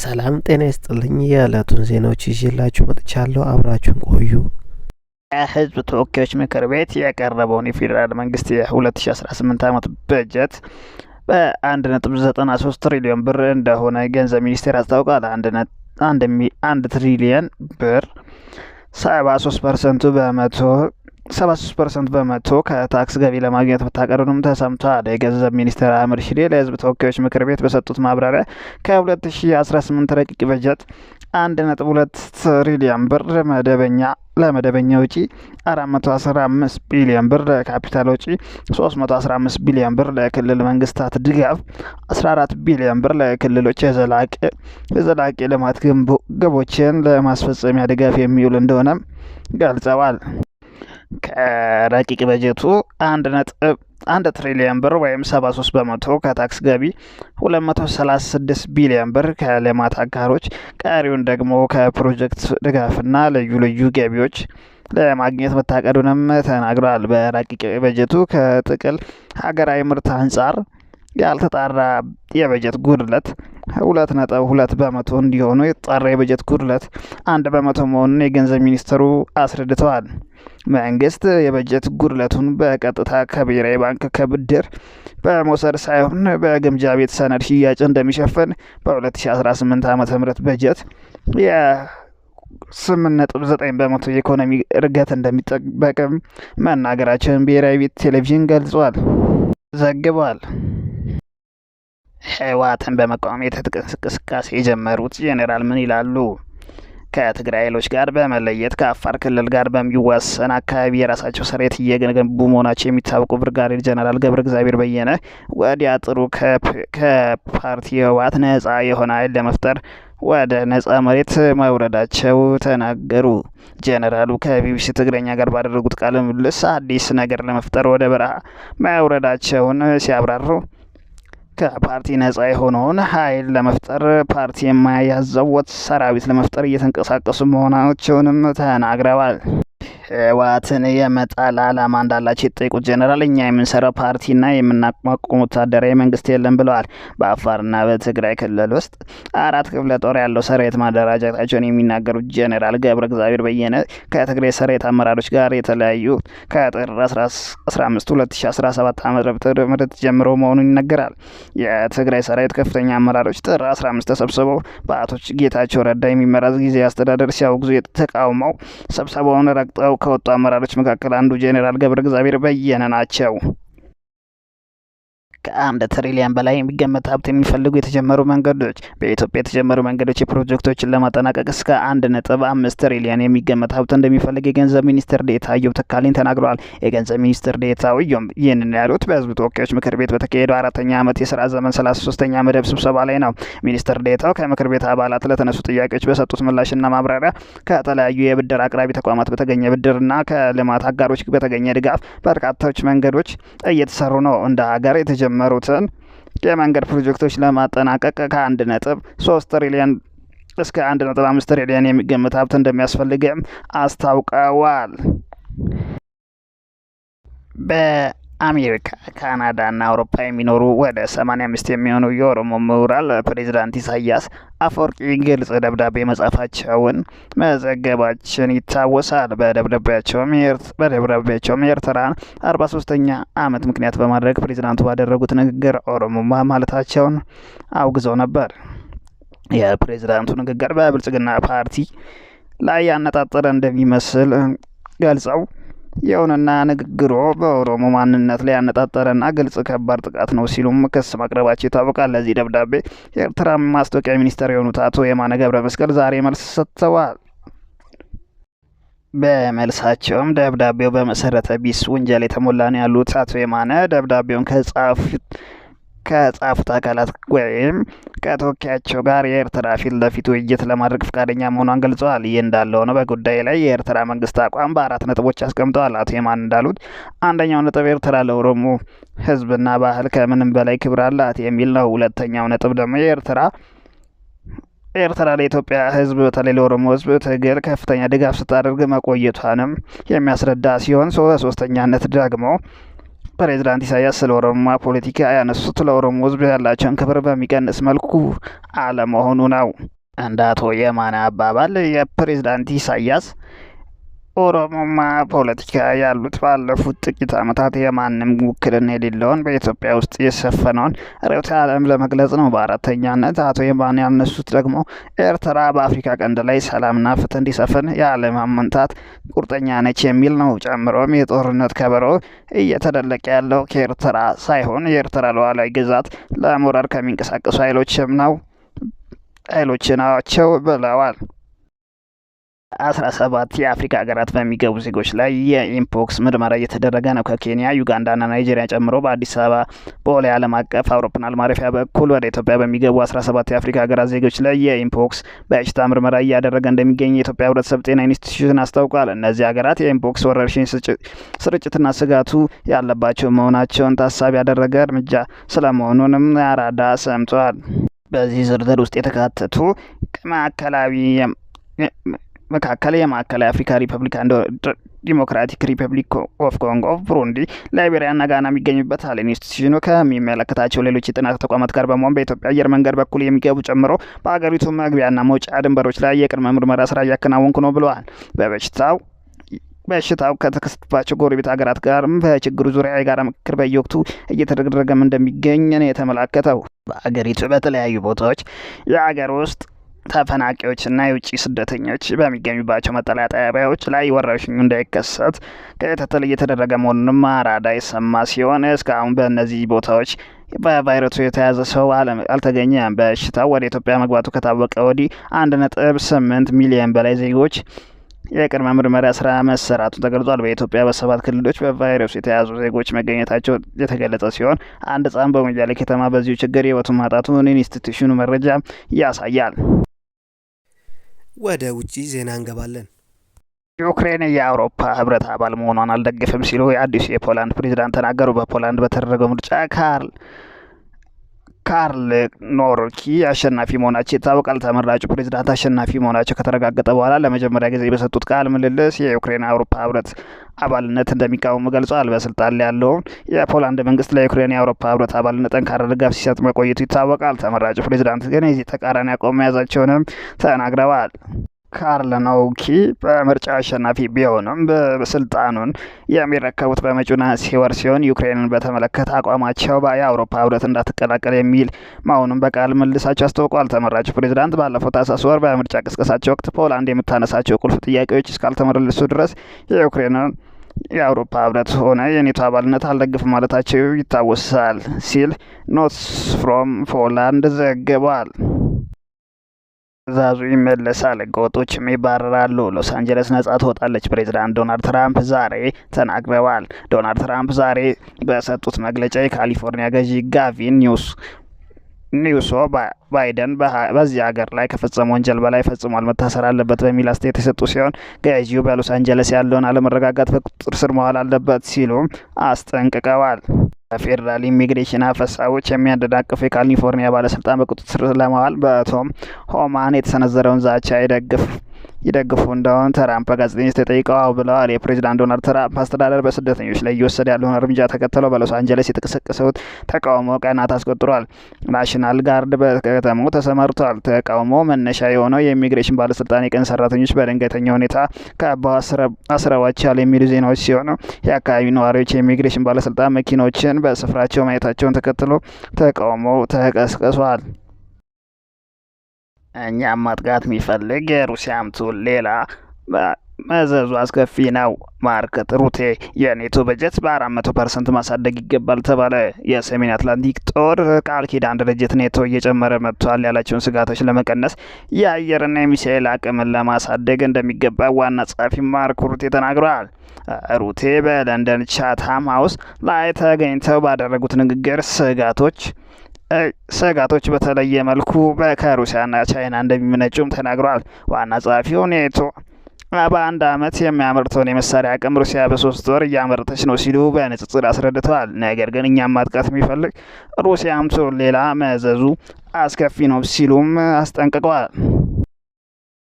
ሰላም ጤና ይስጥልኝ። የዕለቱን ዜናዎች ይዤላችሁ መጥቻለሁ። አብራችሁን ቆዩ። የህዝብ ተወካዮች ምክር ቤት የቀረበውን የፌዴራል መንግስት የ2018 ዓመት በጀት በ1.93 ትሪሊዮን ብር እንደሆነ ገንዘብ ሚኒስቴር አስታውቋል። አንድ ትሪሊየን ብር 73 ፐርሰንቱ በመቶ 73 ፐርሰንት በመቶ ከታክስ ገቢ ለማግኘት መታቀዱንም ተሰምቷል። የገንዘብ ሚኒስትር አህመድ ሽዴ ለህዝብ ተወካዮች ምክር ቤት በሰጡት ማብራሪያ ከ2018 ረቂቅ በጀት 1.2 ትሪሊየን ብር መደበኛ ለመደበኛ ውጪ 415 ቢሊዮን ብር፣ ለካፒታል ውጪ 315 ቢሊዮን ብር፣ ለክልል መንግስታት ድጋፍ 14 ቢሊዮን ብር፣ ለክልሎች የዘላቂ ልማት ግቦችን ለማስፈጸሚያ ድጋፍ የሚውል እንደሆነም ገልጸዋል። ከረቂቅ በጀቱ አንድ ነጥብ አንድ ትሪሊዮን ብር ወይም 73 በመቶ ከታክስ ገቢ 236 ቢሊዮን ብር ከልማት አጋሮች ቀሪውን ደግሞ ከፕሮጀክት ድጋፍና ልዩ ልዩ ገቢዎች ለማግኘት መታቀዱንም ተናግሯል በረቂቅ በጀቱ ከጥቅል ሀገራዊ ምርት አንጻር ያልተጣራ የበጀት ጉድለት ሁለት ነጥብ ሁለት በመቶ እንዲሆኑ የተጣራ የበጀት ጉድለት አንድ በመቶ መሆኑን የገንዘብ ሚኒስትሩ አስረድተዋል። መንግስት የበጀት ጉድለቱን በቀጥታ ከብሔራዊ ባንክ ከብድር በመውሰድ ሳይሆን በግምጃ ቤት ሰነድ ሽያጭ እንደሚሸፈን በ2018 ዓ ም በጀት ስምንት ነጥብ ዘጠኝ በመቶ የኢኮኖሚ እድገት እንደሚጠበቅም መናገራቸውን ብሔራዊ ቤት ቴሌቪዥን ገልጿል ዘግቧል። ህወሓትን በመቃወም የትጥቅ እንቅስቃሴ የጀመሩት ጄኔራል ምን ይላሉ? ከትግራይ ኃይሎች ጋር በመለየት ከአፋር ክልል ጋር በሚዋሰን አካባቢ የራሳቸው ሰሬት እየገነቡ መሆናቸው የሚታወቁ ብርጋዴር ጀነራል ገብረ እግዚአብሔር በየነ ወዲያ ጥሩ ከፓርቲ ህወሓት ነጻ የሆነ ኃይል ለመፍጠር ወደ ነጻ መሬት መውረዳቸው ተናገሩ። ጄኔራሉ ከቢቢሲ ትግረኛ ጋር ባደረጉት ቃለ ምልልስ አዲስ ነገር ለመፍጠር ወደ በረሃ መውረዳቸውን ሲያብራሩ ከፓርቲ ነጻ የሆነውን ኃይል ለመፍጠር ፓርቲ የማያዘወት ሰራዊት ለመፍጠር እየተንቀሳቀሱ መሆናቸውንም ተናግረዋል። ህወሓትን የመጣል አላማ እንዳላቸው የጠየቁት ጀኔራል እኛ የምንሰራው ፓርቲና የምናቋቁም ወታደራዊ መንግስት የለም ብለዋል። በአፋርና በትግራይ ክልል ውስጥ አራት ክፍለ ጦር ያለው ሰራዊት ማደራጀታቸውን የሚናገሩት ጀኔራል ገብረ እግዚአብሔር በየነ ከትግራይ ሰራዊት አመራሮች ጋር የተለያዩ ከጥር 15 2017 ዓ ም ጀምሮ መሆኑን ይነገራል። የትግራይ ሰራዊት ከፍተኛ አመራሮች ጥር 15 ተሰብስበው በአቶ ጌታቸው ረዳ የሚመራ ጊዜያዊ አስተዳደር ሲያወግዙ ተቃውመው ስብሰባውን ረግጠው ከወጡ አመራሮች መካከል አንዱ ጄኔራል ገብረ እግዚአብሔር በየነ ናቸው። ከአንድ ትሪሊየን በላይ የሚገመት ሀብት የሚፈልጉ የተጀመሩ መንገዶች በኢትዮጵያ የተጀመሩ መንገዶች የፕሮጀክቶችን ለማጠናቀቅ እስከ አንድ ነጥብ አምስት ትሪሊየን የሚገመት ሀብት እንደሚፈልግ የገንዘብ ሚኒስትር ዴታ ኢዮብ ተካልኝ ተናግረዋል። የገንዘብ ሚኒስትር ዴታ ኢዮብ ይህንን ያሉት በህዝብ ተወካዮች ምክር ቤት በተካሄደው አራተኛ ዓመት የስራ ዘመን ሰላሳ ሶስተኛ መደብ ስብሰባ ላይ ነው። ሚኒስትር ዴታው ከምክር ቤት አባላት ለተነሱ ጥያቄዎች በሰጡት ምላሽና ማብራሪያ ከተለያዩ የብድር አቅራቢ ተቋማት በተገኘ ብድርና ከልማት አጋሮች በተገኘ ድጋፍ በርካታዎች መንገዶች እየተሰሩ ነው። እንደ ሀገር የተጀመ የጀመሩትን የመንገድ ፕሮጀክቶች ለማጠናቀቅ ከአንድ ነጥብ ሶስት ትሪሊየን እስከ አንድ ነጥብ አምስት ትሪሊየን የሚገመት ሀብት እንደሚያስፈልግም አስታውቀዋል። በ አሜሪካ፣ እና አውሮፓ የሚኖሩ ወደ 85 የሚሆኑ የኦሮሞ ምሁራን ለፕሬዝዳንት ኢሳያስ አፈወርቂ ግልጽ ደብዳቤ መጻፋቸውን መዘገባችን ይታወሳል። በደብዳቤያቸውም ኤርትራን 43ኛ ዓመት ምክንያት በማድረግ ፕሬዝዳንቱ ባደረጉት ንግግር ኦሮሞማ ማለታቸውን አውግዘው ነበር። የፕሬዝዳንቱ ንግግር በብልጽግና ፓርቲ ላይ ያነጣጠረ እንደሚመስል ገልጸው የሆነና ንግግሩ በኦሮሞ ማንነት ላይ ያነጣጠረና ግልጽ ከባድ ጥቃት ነው ሲሉም ክስ ማቅረባቸው ይታወቃል። ለዚህ ደብዳቤ የኤርትራ ማስታወቂያ ሚኒስትር የሆኑት አቶ የማነ ገብረ መስቀል ዛሬ መልስ ሰጥተዋል። በመልሳቸውም ደብዳቤው በመሰረተ ቢስ ውንጀል የተሞላ ነው ያሉት አቶ የማነ ደብዳቤውን ከጻፉት ከጻፉት አካላት ወይም ከተወካያቸው ጋር የኤርትራ ፊት ለፊት ውይይት ለማድረግ ፈቃደኛ መሆኗን ገልጸዋል። ይህ እንዳለ ሆነ በጉዳይ ላይ የኤርትራ መንግስት አቋም በአራት ነጥቦች አስቀምጠዋል። አቶ የማን እንዳሉት አንደኛው ነጥብ ኤርትራ ለኦሮሞ ህዝብና ባህል ከምንም በላይ ክብር አላት የሚል ነው። ሁለተኛው ነጥብ ደግሞ የኤርትራ ኤርትራ ለኢትዮጵያ ህዝብ በተለይ ለኦሮሞ ህዝብ ትግል ከፍተኛ ድጋፍ ስታደርግ መቆየቷንም የሚያስረዳ ሲሆን ሶስተኛነት ደግሞ ፕሬዚዳንት ኢሳያስ ስለ ኦሮማ ፖለቲካ ያነሱት ለኦሮሞ ህዝብ ያላቸውን ክብር በሚቀንስ መልኩ አለመሆኑ ነው። እንደ አቶ የማነ አባባል የፕሬዚዳንት ኢሳያስ ኦሮሞማ ፖለቲካ ያሉት ባለፉት ጥቂት ዓመታት የማንም ውክልና የሌለውን በኢትዮጵያ ውስጥ የሰፈነውን ርዕዮተ ዓለም ለመግለጽ ነው። በአራተኛነት አቶ የማን ያነሱት ደግሞ ኤርትራ በአፍሪካ ቀንድ ላይ ሰላምና ፍትህ እንዲሰፍን የዓለም አመንታት ቁርጠኛ ነች የሚል ነው። ጨምሮም የጦርነት ከበሮ እየተደለቀ ያለው ከኤርትራ ሳይሆን የኤርትራ ሉዓላዊ ግዛት ለመውረር ከሚንቀሳቀሱ ኃይሎችም ነው ኃይሎች ናቸው ብለዋል። አስራ ሰባት የአፍሪካ ሀገራት በሚገቡ ዜጎች ላይ የኢምፖክስ ምርመራ እየተደረገ ነው። ከኬንያ ዩጋንዳና ናይጄሪያ ጨምሮ በአዲስ አበባ ቦሌ ዓለም አቀፍ አውሮፕላን ማረፊያ በኩል ወደ ኢትዮጵያ በሚገቡ አስራ ሰባት የአፍሪካ ሀገራት ዜጎች ላይ የኢምፖክስ በሽታ ምርመራ እያደረገ እንደሚገኝ የኢትዮጵያ ሕብረተሰብ ጤና ኢንስቲትዩሽን አስታውቋል። እነዚህ ሀገራት የኢምፖክስ ወረርሽኝ ስርጭትና ስጋቱ ያለባቸው መሆናቸውን ታሳቢ ያደረገ እርምጃ ስለመሆኑንም አራዳ ሰምቷል። በዚህ ዝርዝር ውስጥ የተካተቱ ማዕከላዊ መካከል የማዕከላዊ አፍሪካ ሪፐብሊክ አንድ ዲሞክራቲክ ሪፐብሊክ ኦፍ ኮንጎ፣ ቡሩንዲ፣ ላይቤሪያ ና ጋና የሚገኙበታል። ኢንስቲትዩሽኑ ከሚመለከታቸው ሌሎች የጥናት ተቋማት ጋር በመሆን በኢትዮጵያ አየር መንገድ በኩል የሚገቡ ጨምሮ በሀገሪቱ መግቢያ ና መውጫ ድንበሮች ላይ የቅድመ ምርመራ ስራ እያከናወንኩ ነው ብለዋል። በበሽታው በሽታው ከተከሰተባቸው ጎረቤት ሀገራት ጋርም በችግሩ ዙሪያ የጋራ ምክክር በየወቅቱ እየተደረገም እንደሚገኝ ነው የተመላከተው። በአገሪቱ በተለያዩ ቦታዎች የአገር ውስጥ ተፈናቂዎችና የውጭ ስደተኞች በሚገኙባቸው መጠለያ ጣቢያዎች ላይ ወረርሽኙ እንዳይከሰት ክትትል እየተደረገ መሆኑንም አራዳ የሰማ ሲሆን እስካሁን በእነዚህ ቦታዎች በቫይረሱ የተያዘ ሰው አልተገኘም። በሽታው ወደ ኢትዮጵያ መግባቱ ከታወቀ ወዲህ አንድ ነጥብ ስምንት ሚሊዮን በላይ ዜጎች የቅድመ ምርመራ ስራ መሰራቱን ተገልጿል። በኢትዮጵያ በሰባት ክልሎች በቫይረሱ የተያዙ ዜጎች መገኘታቸው የተገለጸ ሲሆን አንድ ጻም በሞያሌ ከተማ በዚሁ ችግር ህይወቱን ማጣቱን ኢንስቲትዩሽኑ መረጃ ያሳያል። ወደ ውጪ ዜና እንገባለን። ዩክሬን የአውሮፓ ህብረት አባል መሆኗን አልደግፍም ሲሉ የአዲሱ የፖላንድ ፕሬዚዳንት ተናገሩ። በፖላንድ በተደረገው ምርጫ ካርል ካርል ኖርኪ አሸናፊ መሆናቸው ይታወቃል። ተመራጩ ፕሬዚዳንት አሸናፊ መሆናቸው ከተረጋገጠ በኋላ ለመጀመሪያ ጊዜ በሰጡት ቃል ምልልስ የዩክሬን አውሮፓ ህብረት አባልነት እንደሚቃወሙ ገልጿል። በስልጣን ላይ ያለውን የፖላንድ መንግስት ለዩክሬን የአውሮፓ ህብረት አባልነት ጠንካራ ድጋፍ ሲሰጥ መቆየቱ ይታወቃል። ተመራጩ ፕሬዚዳንት ግን የዚህ ተቃራኒ አቋም መያዛቸውንም ተናግረዋል። ካርለኖውኪ በምርጫ አሸናፊ ቢሆንም ስልጣኑን የሚረከቡት በመጪው ነሐሴ ወር ሲሆን ዩክሬንን በተመለከተ አቋማቸው የአውሮፓ ህብረት እንዳትቀላቀል የሚል መሆኑን በቃል ምልሳቸው አስታውቋል። ተመራጩ ፕሬዚዳንት ባለፈው ታህሳስ ወር በምርጫ ቅስቀሳቸው ወቅት ፖላንድ የምታነሳቸው ቁልፍ ጥያቄዎች እስካልተመለሱ ድረስ የዩክሬንን የአውሮፓ ህብረት ሆነ የኔቶ አባልነት አልደግፍም ማለታቸው ይታወሳል ሲል ኖትስ ፍሮም ፖላንድ ዘግቧል። ትእዛዙ ይመለሳል፣ ህገወጦችም ይባረራሉ፣ ሎስ አንጀለስ ነጻ ትወጣለች ፕሬዚዳንት ዶናልድ ትራምፕ ዛሬ ተናግረዋል። ዶናልድ ትራምፕ ዛሬ በሰጡት መግለጫ የካሊፎርኒያ ገዢ ጋቪን ኒውስ ኒውሶ ባይደን በዚህ ሀገር ላይ ከፈጸመ ወንጀል በላይ ፈጽሟል፣ መታሰር አለበት በሚል አስተያየት የሰጡ ሲሆን ገዢው በሎስ አንጀለስ ያለውን አለመረጋጋት በቁጥጥር ስር መዋል አለበት ሲሉም አስጠንቅቀዋል። ፌዴራል ኢሚግሬሽን አፈሳዎች የሚያደናቅፍ የካሊፎርኒያ ባለስልጣን በቁጥጥር ስር ለማዋል በቶም ሆማን የተሰነዘረውን ዛቻ አይደግፍ ይደግፉ እንደሆን ትራምፕ በጋዜጠኞች ተጠይቀው ብለዋል። የፕሬዚዳንት ዶናልድ ትራምፕ አስተዳደር በስደተኞች ላይ እየወሰደ ያለውን እርምጃ ተከትለው በሎስ አንጀለስ የተቀሰቀሰውት ተቃውሞ ቀናት አስቆጥሯል። ናሽናል ጋርድ በከተማው ተሰማርቷል። ተቃውሞ መነሻ የሆነው የኢሚግሬሽን ባለስልጣን የቀን ሰራተኞች በድንገተኛ ሁኔታ ከአባው አስረዋቸዋል የሚሉ ዜናዎች ሲሆኑ የአካባቢ ነዋሪዎች የኢሚግሬሽን ባለስልጣን መኪኖችን በስፍራቸው ማየታቸውን ተከትሎ ተቃውሞው ተቀስቅሷል። እኛም ማጥጋት የሚፈልግ የሩሲያም ቱል ሌላ መዘዙ አስከፊ ነው። ማርክ ሩቴ የኔቶ በጀት በአራት መቶ ፐርሰንት ማሳደግ ይገባል ተባለ። የሰሜን አትላንቲክ ጦር ቃል ኪዳን ድርጅት ኔቶ እየጨመረ መጥቷል ያላቸውን ስጋቶች ለመቀነስ የአየርና የሚሳኤል አቅምን ለማሳደግ እንደሚገባ ዋና ጸሐፊ ማርክ ሩቴ ተናግረዋል። ሩቴ በለንደን ቻትሃም ሀውስ ላይ ተገኝተው ባደረጉት ንግግር ስጋቶች ስጋቶች በተለየ መልኩ ከሩሲያና ቻይና እንደሚመነጩም ተናግረዋል። ዋና ጸሐፊው ኔቶ በአንድ አመት የሚያመርተውን የመሳሪያ አቅም ሩሲያ በሶስት ወር እያመረተች ነው ሲሉ በንጽጽር አስረድተዋል። ነገር ግን እኛም ማጥቃት የሚፈልግ ሩሲያም ሌላ መዘዙ አስከፊ ነው ሲሉም አስጠንቅቀዋል።